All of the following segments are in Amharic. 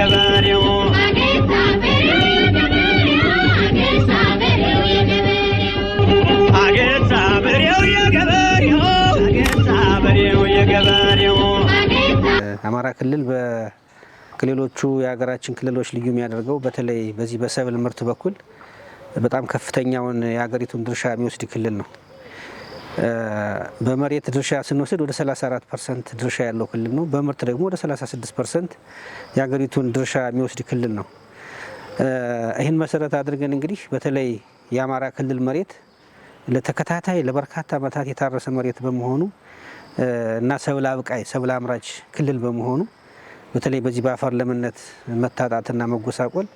የገበሬው አማራ ክልል በክልሎቹ የሀገራችን ክልሎች ልዩ የሚያደርገው በተለይ በዚህ በሰብል ምርት በኩል በጣም ከፍተኛውን የሀገሪቱን ድርሻ የሚወስድ ክልል ነው። በመሬት ድርሻ ስንወስድ ወደ 34 ፐርሰንት ድርሻ ያለው ክልል ነው። በምርት ደግሞ ወደ 36 ፐርሰንት የሀገሪቱን ድርሻ የሚወስድ ክልል ነው። ይህን መሰረት አድርገን እንግዲህ በተለይ የአማራ ክልል መሬት ለተከታታይ ለበርካታ ዓመታት የታረሰ መሬት በመሆኑ እና ሰብል አብቃይ ሰብል አምራች ክልል በመሆኑ በተለይ በዚህ በአፈር ለምነት መታጣትና መጎሳቆል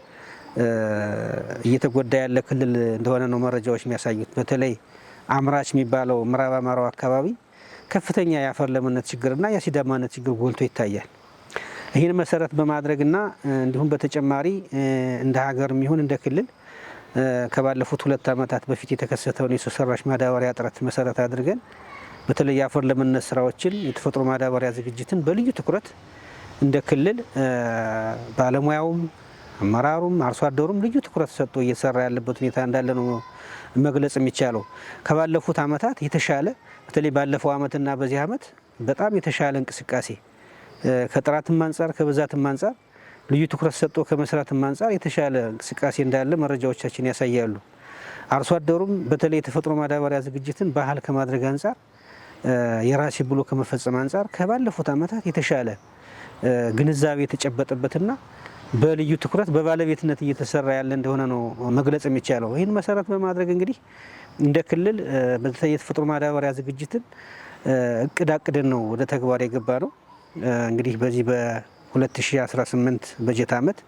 እየተጎዳ ያለ ክልል እንደሆነ ነው መረጃዎች የሚያሳዩት። በተለይ አምራች የሚባለው ምዕራብ አማራው አካባቢ ከፍተኛ የአፈር ለምነት ችግርና የአሲዳማነት ችግር ጎልቶ ይታያል። ይህን መሰረት በማድረግና እንዲሁም በተጨማሪ እንደ ሀገር የሚሆን እንደ ክልል ከባለፉት ሁለት ዓመታት በፊት የተከሰተውን የሰው ሰራሽ ማዳበሪያ እጥረት መሰረት አድርገን በተለይ የአፈር ለምነት ስራዎችን የተፈጥሮ ማዳበሪያ ዝግጅትን በልዩ ትኩረት እንደ ክልል ባለሙያውም አመራሩም አርሶ አደሩም ልዩ ትኩረት ሰጥቶ እየሰራ ያለበት ሁኔታ እንዳለ ነው መግለጽ የሚቻለው። ከባለፉት አመታት የተሻለ በተለይ ባለፈው ዓመትና በዚህ አመት በጣም የተሻለ እንቅስቃሴ ከጥራትም አንጻር ከብዛትም አንጻር ልዩ ትኩረት ሰጥቶ ከመስራትም አንጻር የተሻለ እንቅስቃሴ እንዳለ መረጃዎቻችን ያሳያሉ። አርሶ አደሩም በተለይ የተፈጥሮ ማዳበሪያ ዝግጅትን ባህል ከማድረግ አንጻር የራሴ ብሎ ከመፈጸም አንጻር ከባለፉት ዓመታት የተሻለ ግንዛቤ የተጨበጠበትና በልዩ ትኩረት በባለቤትነት እየተሰራ ያለ እንደሆነ ነው መግለጽ የሚቻለው። ይህን መሰረት በማድረግ እንግዲህ እንደ ክልል በተለይ የተፈጥሮ ማዳበሪያ ዝግጅትን እቅድ አቅድን ነው ወደ ተግባር የገባ ነው። እንግዲህ በዚህ በ2018 በጀት ዓመት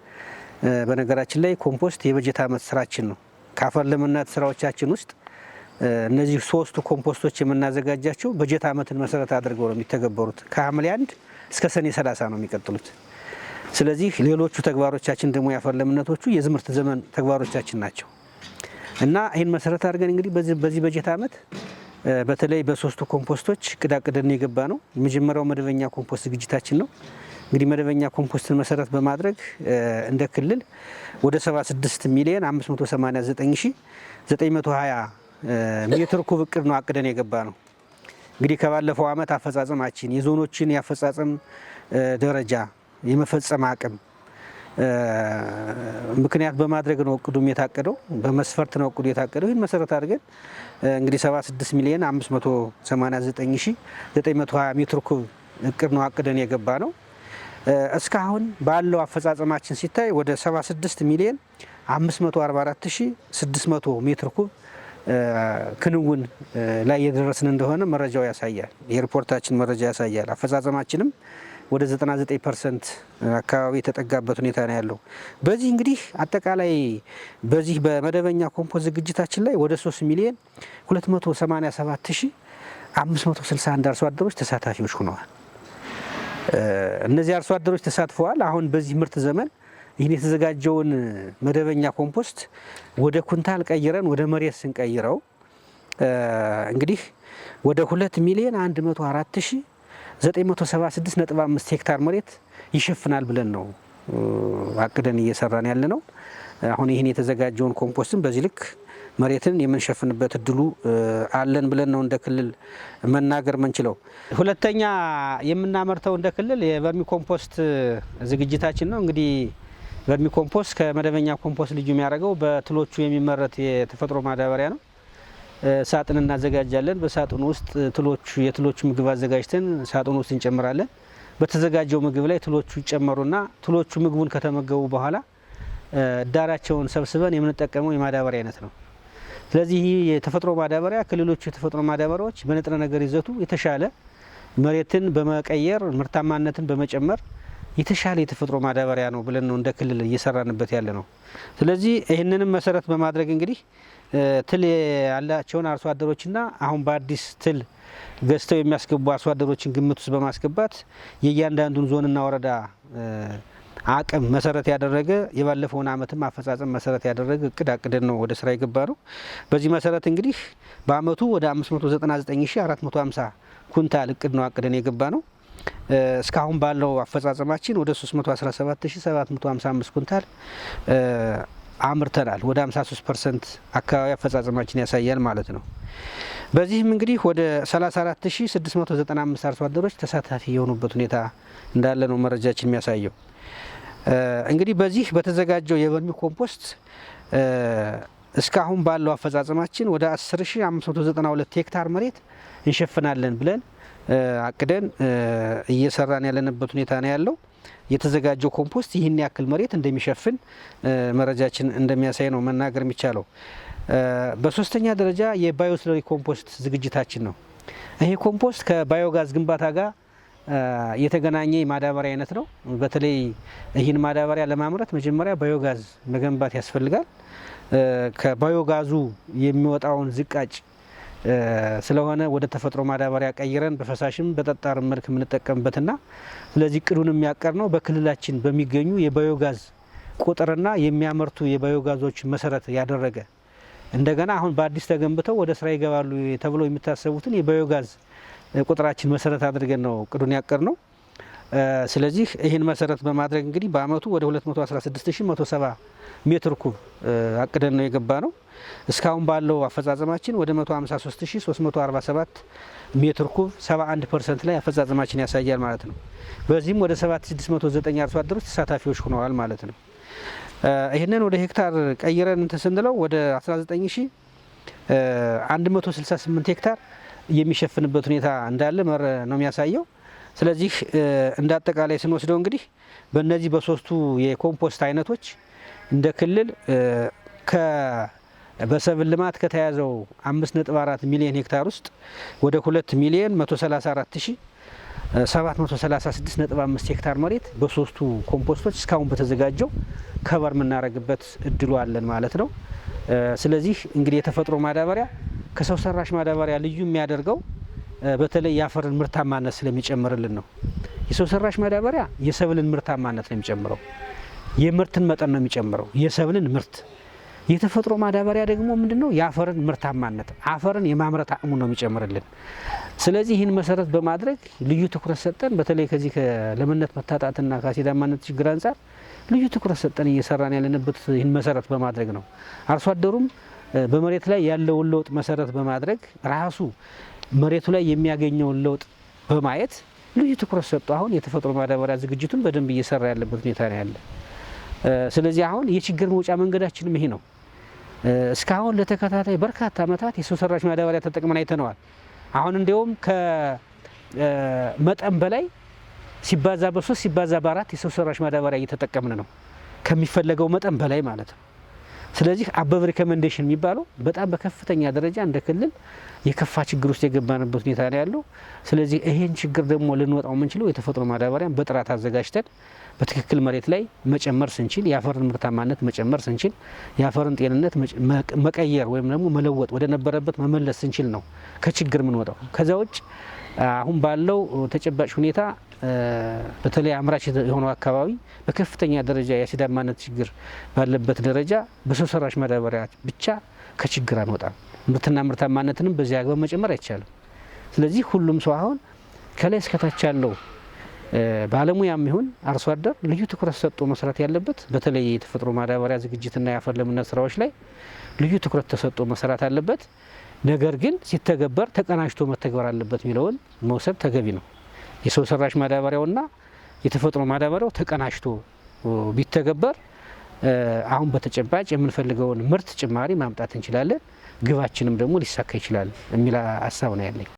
በነገራችን ላይ ኮምፖስት የበጀት ዓመት ስራችን ነው። ከአፈር ለመናድ ስራዎቻችን ውስጥ እነዚህ ሶስቱ ኮምፖስቶች የምናዘጋጃቸው በጀት ዓመትን መሰረት አድርገው ነው የሚተገበሩት። ከሐምሌ አንድ እስከ ሰኔ 30 ነው የሚቀጥሉት። ስለዚህ ሌሎቹ ተግባሮቻችን ደግሞ ያፈለምነቶቹ የዝምርት ዘመን ተግባሮቻችን ናቸው እና ይህን መሰረት አድርገን እንግዲህ በዚህ በጀት ዓመት በተለይ በሶስቱ ኮምፖስቶች ቅዳቅደን የገባ ነው። የመጀመሪያው መደበኛ ኮምፖስት ዝግጅታችን ነው። እንግዲህ መደበኛ ኮምፖስትን መሰረት በማድረግ እንደ ክልል ወደ 76 ሚሊዮን 589920 ሜትር ኩብ እቅድ ነው አቅደን የገባ ነው። እንግዲህ ከባለፈው ዓመት አፈጻጸማችን የዞኖችን የአፈጻጸም ደረጃ የመፈጸም አቅም ምክንያት በማድረግ ነው እቅዱም የታቀደው፣ በመስፈርት ነው እቅዱ የታቀደው። ይህን መሰረት አድርገን እንግዲህ 76 ሚሊዮን 589920 ሜትር ኩብ እቅድ ነው አቅደን የገባ ነው። እስካሁን ባለው አፈጻጸማችን ሲታይ ወደ 76 ሚሊዮን 544600 ሜትር ኩብ ክንውን ላይ የደረስን እንደሆነ መረጃው ያሳያል። የሪፖርታችን መረጃ ያሳያል። አፈጻጸማችንም ወደ 99 ፐርሰንት አካባቢ የተጠጋበት ሁኔታ ነው ያለው። በዚህ እንግዲህ አጠቃላይ በዚህ በመደበኛ ኮምፖስት ዝግጅታችን ላይ ወደ 3 ሚሊዮን 287561 አርሶ አደሮች ተሳታፊዎች ሆነዋል። እነዚህ አርሶ አደሮች ተሳትፈዋል። አሁን በዚህ ምርት ዘመን ይህን የተዘጋጀውን መደበኛ ኮምፖስት ወደ ኩንታል ቀይረን ወደ መሬት ስንቀይረው እንግዲህ ወደ 2 ሚሊዮን 104 976.5 ሄክታር መሬት ይሸፍናል ብለን ነው አቅደን እየሰራን ያለ ነው። አሁን ይህን የተዘጋጀውን ኮምፖስትን በዚህ ልክ መሬትን የምንሸፍንበት እድሉ አለን ብለን ነው እንደ ክልል መናገር ምንችለው። ሁለተኛ የምናመርተው እንደ ክልል የቨርሚ ኮምፖስት ዝግጅታችን ነው። እንግዲህ ቨርሚ ኮምፖስት ከመደበኛ ኮምፖስት ልዩ የሚያደርገው በትሎቹ የሚመረት የተፈጥሮ ማዳበሪያ ነው። ሳጥን እናዘጋጃለን። በሳጥኑ ውስጥ ትሎቹ የትሎቹ ምግብ አዘጋጅተን ሳጥኑ ውስጥ እንጨምራለን። በተዘጋጀው ምግብ ላይ ትሎቹ ይጨመሩና ትሎቹ ምግቡን ከተመገቡ በኋላ ዳራቸውን ሰብስበን የምንጠቀመው የማዳበሪያ አይነት ነው። ስለዚህ ይህ የተፈጥሮ ማዳበሪያ ከሌሎቹ የተፈጥሮ ማዳበሪያዎች በንጥረ ነገር ይዘቱ የተሻለ መሬትን በመቀየር ምርታማነትን በመጨመር የተሻለ የተፈጥሮ ማዳበሪያ ነው ብለን ነው እንደ ክልል እየሰራንበት ያለ ነው። ስለዚህ ይህንንም መሰረት በማድረግ እንግዲህ ትል ያላቸውን አርሶ አደሮችና አሁን በአዲስ ትል ገዝተው የሚያስገቡ አርሶ አደሮችን ግምት ውስጥ በማስገባት የእያንዳንዱን ዞንና ወረዳ አቅም መሰረት ያደረገ የባለፈውን አመትም አፈጻጸም መሰረት ያደረገ እቅድ አቅደን ነው ወደ ስራ የገባ ነው። በዚህ መሰረት እንግዲህ በአመቱ ወደ 599450 ኩንታል እቅድ ነው አቅደን የገባ ነው። እስካሁን ባለው አፈጻጸማችን ወደ 317755 ኩንታል አምርተናል። ወደ 53 ፐርሰንት አካባቢ አፈጻጸማችን ያሳያል ማለት ነው። በዚህም እንግዲህ ወደ 34695 አርሶ አደሮች ተሳታፊ የሆኑበት ሁኔታ እንዳለ ነው መረጃችን የሚያሳየው። እንግዲህ በዚህ በተዘጋጀው የቨርሚ ኮምፖስት እስካሁን ባለው አፈጻጸማችን ወደ 10592 ሄክታር መሬት እንሸፍናለን ብለን አቅደን እየሰራን ያለንበት ሁኔታ ነው ያለው። የተዘጋጀው ኮምፖስት ይህን ያክል መሬት እንደሚሸፍን መረጃችን እንደሚያሳይ ነው መናገር የሚቻለው። በሶስተኛ ደረጃ የባዮስለሪ ኮምፖስት ዝግጅታችን ነው። ይሄ ኮምፖስት ከባዮጋዝ ግንባታ ጋር የተገናኘ የማዳበሪያ አይነት ነው። በተለይ ይህን ማዳበሪያ ለማምረት መጀመሪያ ባዮጋዝ መገንባት ያስፈልጋል። ከባዮጋዙ የሚወጣውን ዝቃጭ ስለሆነ ወደ ተፈጥሮ ማዳበሪያ ቀይረን በፈሳሽም በጠጣር መልክ የምንጠቀምበትና ስለዚህ ቅዱን የሚያቀር ነው በክልላችን በሚገኙ የባዮጋዝ ቁጥርና የሚያመርቱ የባዮጋዞች መሰረት ያደረገ እንደገና አሁን በአዲስ ተገንብተው ወደ ስራ ይገባሉ ተብለው የሚታሰቡትን የባዮጋዝ ቁጥራችን መሰረት አድርገን ነው ቅዱን ያቀር ነው። ስለዚህ ይህን መሰረት በማድረግ እንግዲህ በአመቱ ወደ 216170 ሜትር ኩብ አቅደን ነው የገባ ነው። እስካሁን ባለው አፈጻጸማችን ወደ 153347 ሜትር ኩብ 71 ፐርሰንት ላይ አፈጻጸማችን ያሳያል ማለት ነው። በዚህም ወደ 7609 አርሶ አደሮች ተሳታፊዎች ሆነዋል ማለት ነው። ይህንን ወደ ሄክታር ቀይረን እንትን ስንለው ወደ 19168 ሄክታር የሚሸፍንበት ሁኔታ እንዳለ ነው የሚያሳየው። ስለዚህ እንደ አጠቃላይ ስንወስደው እንግዲህ በእነዚህ በሶስቱ የኮምፖስት አይነቶች እንደ ክልል ከ በሰብል ልማት ከተያዘው 5.4 ሚሊዮን ሄክታር ውስጥ ወደ 2 ሚሊዮን 134736.5 ሄክታር መሬት በሶስቱ ኮምፖስቶች እስካሁን በተዘጋጀው ከበር የምናደርግበት እድሉ አለን ማለት ነው። ስለዚህ እንግዲህ የተፈጥሮ ማዳበሪያ ከሰው ሰራሽ ማዳበሪያ ልዩ የሚያደርገው በተለይ የአፈርን ምርታማነት ስለሚጨምርልን ነው። የሰው ሰራሽ ማዳበሪያ የሰብልን ምርታማነት ነው የሚጨምረው። የምርትን መጠን ነው የሚጨምረው የሰብልን ምርት የተፈጥሮ ማዳበሪያ ደግሞ ምንድነው? የአፈርን ምርታማነት አፈርን የማምረት አቅሙ ነው የሚጨምርልን። ስለዚህ ይህን መሰረት በማድረግ ልዩ ትኩረት ሰጠን በተለይ ከዚህ ከለምነት መታጣትና ከአሲዳማነት ችግር አንጻር ልዩ ትኩረት ሰጠን እየሰራን ያለንበት ይህን መሰረት በማድረግ ነው። አርሶ አደሩም በመሬት ላይ ያለውን ለውጥ መሰረት በማድረግ ራሱ መሬቱ ላይ የሚያገኘውን ለውጥ በማየት ልዩ ትኩረት ሰጡ። አሁን የተፈጥሮ ማዳበሪያ ዝግጅቱን በደንብ እየሰራ ያለበት ሁኔታ ነው ያለ። ስለዚህ አሁን የችግር መውጫ መንገዳችንም ይሄ ነው። እስካሁን ለተከታታይ በርካታ ዓመታት የሰው ሰራሽ ማዳበሪያ ተጠቅመን አይተነዋል። አሁን እንዲሁም ከመጠን በላይ ሲባዛ በሶስት ሲባዛ በአራት የሰው ሰራሽ ማዳበሪያ እየተጠቀምን ነው፣ ከሚፈለገው መጠን በላይ ማለት ነው። ስለዚህ አበብ ሪኮመንዴሽን የሚባለው በጣም በከፍተኛ ደረጃ እንደ ክልል የከፋ ችግር ውስጥ የገባንበት ሁኔታ ነው ያለው። ስለዚህ ይሄን ችግር ደግሞ ልንወጣው የምንችለው የተፈጥሮ ማዳበሪያን በጥራት አዘጋጅተን በትክክል መሬት ላይ መጨመር ስንችል የአፈርን ምርታማነት መጨመር ስንችል የአፈርን ጤንነት መቀየር ወይም ደግሞ መለወጥ ወደ ነበረበት መመለስ ስንችል ነው ከችግር የምንወጣው። ከዛ ውጭ አሁን ባለው ተጨባጭ ሁኔታ በተለይ አምራች የሆነው አካባቢ በከፍተኛ ደረጃ የአሲዳማነት ችግር ባለበት ደረጃ በሰው ሰራሽ ማዳበሪያ ብቻ ከችግር አንወጣም። ምርትና ምርታማነትንም በዚያ አግባብ መጨመር አይቻልም። ስለዚህ ሁሉም ሰው አሁን ከላይ እስከታች ያለው ባለሙያም ይሁን አርሶ አደር ልዩ ትኩረት ሰጥቶ መስራት ያለበት በተለይ የተፈጥሮ ማዳበሪያ ዝግጅትና የአፈር ለምነት ስራዎች ላይ ልዩ ትኩረት ተሰጥቶ መሰራት አለበት። ነገር ግን ሲተገበር ተቀናጅቶ መተግበር አለበት የሚለውን መውሰድ ተገቢ ነው። የሰው ሰራሽ ማዳበሪያውና የተፈጥሮ ማዳበሪያው ተቀናጅቶ ቢተገበር አሁን በተጨባጭ የምንፈልገውን ምርት ጭማሪ ማምጣት እንችላለን። ግባችንም ደግሞ ሊሳካ ይችላል የሚል ሀሳብ ነው ያለኝ።